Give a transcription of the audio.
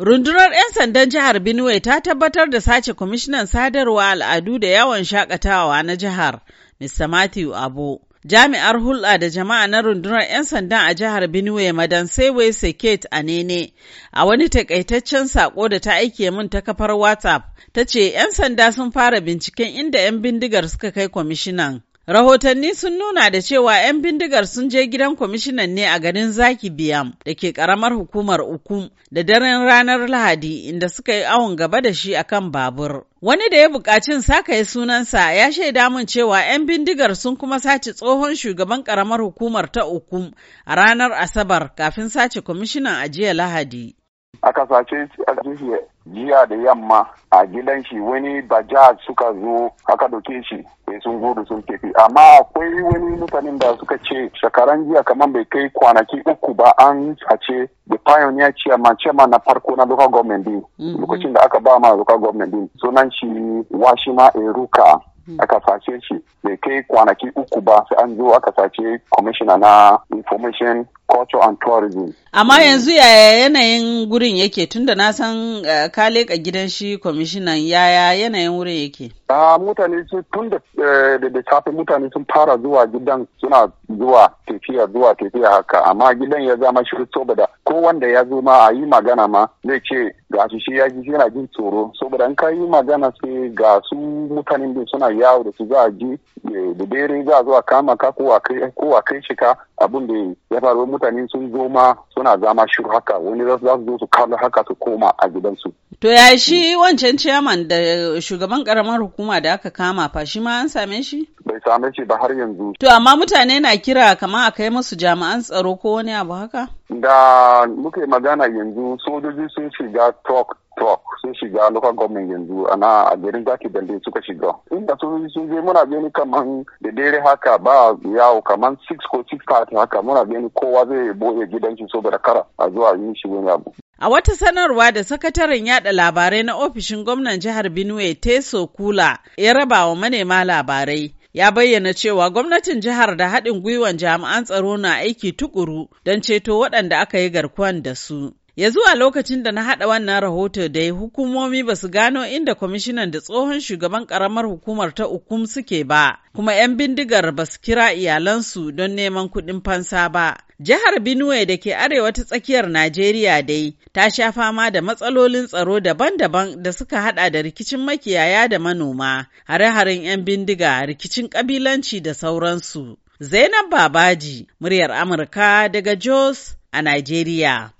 Rundunar 'yan sandan jihar Benue ta tabbatar da sace kwamishinan sadarwa al'adu da yawon shakatawa na jihar, Mr. Matthew Abu. Jami'ar hulɗa da jama'a na rundunar 'yan sanda a jihar Benue Madan Sewe Seket a Nene, a wani takaitaccen sako da ta aike min ta kafar WhatsApp, ta ce 'yan sanda sun fara binciken inda 'yan bindigar suka kai kwamishinan. Rahotanni sun nuna da cewa 'yan bindigar sun je gidan kwamishinan ne a garin Zaki Biyam da ke karamar hukumar uku da daren ranar Lahadi inda suka yi awon gaba da shi a kan babur. Wani da ya bukacin sakaye sunansa ya shaida mun cewa 'yan bindigar sun kuma sace tsohon shugaban karamar hukumar ta uku a ranar Asabar kafin sace kwamishinan a jiya Lahadi. aka sace jiya da yamma a gidan shi wani bajaj suka zo aka doke shi sai sun gudu sun tafi amma akwai wani mutanen da suka ce shekaran jiya kamar bai kai kwanaki uku ba an sace the pioneer chairman chairman na farko na local government din mm-hmm. lokacin da aka ba ma local government din sunan shi washima eruka mm-hmm. aka sace shi bai kai kwanaki uku ba sai an zo aka sace commissioner na information culture and tourism. Amma yanzu yaya yanayin gurin yake tunda na san eh, ka leka gidan shi kwamishinan yaya yanayin wurin yake? Ah, mutane sun tun eh, da da safe mutane sun fara zuwa gidan suna zuwa tafiya zuwa tafiya haka amma gidan ya zama shi saboda ko wanda ya zo ma a yi magana ma zai ce ga shi shi ya ji yana jin tsoro saboda in ka yi magana sai ga su mutanen da suna yawo da su za a ji eh, da dare za a zo kama ka ko a kai shi ka abin da ya faru mutane sun zo ma suna zama shiru haka wani za su zo su kalla haka su koma a gidansu. To ya shi wancan ciyaman da shugaban karamar hukuma da aka kama fa shi ma an same shi? Bai same shi ba har yanzu. To amma mutane na kira kama a kai musu jami'an tsaro ko wani abu haka? Da muke magana yanzu sojoji sun shiga tok. sun shiga local government yanzu ana a garin zaki dande suka shiga inda sun sun je muna gani kaman da dare haka ba yawo kaman 6 ko 6:30 haka muna gani kowa zai boye gidan saboda kara a zuwa yin shi wani abu A wata sanarwa da sakataren yada labarai na ofishin gwamnan jihar Benue Teso Kula ya raba wa manema labarai. Ya bayyana cewa gwamnatin jihar da haɗin gwiwan jami'an tsaro na aiki tukuru don ceto waɗanda aka yi garkuwan da su. Ya zuwa lokacin da na haɗa wannan rahoto ya hukumomi ba su gano inda kwamishinan da tsohon shugaban ƙaramar hukumar ta ukum suke ba, kuma 'yan bindigar ba su kira iyalansu don neman kuɗin fansa ba. Jihar Benue da ke arewa ta tsakiyar Najeriya dai ta sha fama da matsalolin tsaro daban-daban da suka haɗa da rikicin makiyaya da manoma, hare-haren 'yan bindiga, rikicin ƙabilanci da sauransu. Zainab Babaji, muryar Amurka daga Jos a Najeriya.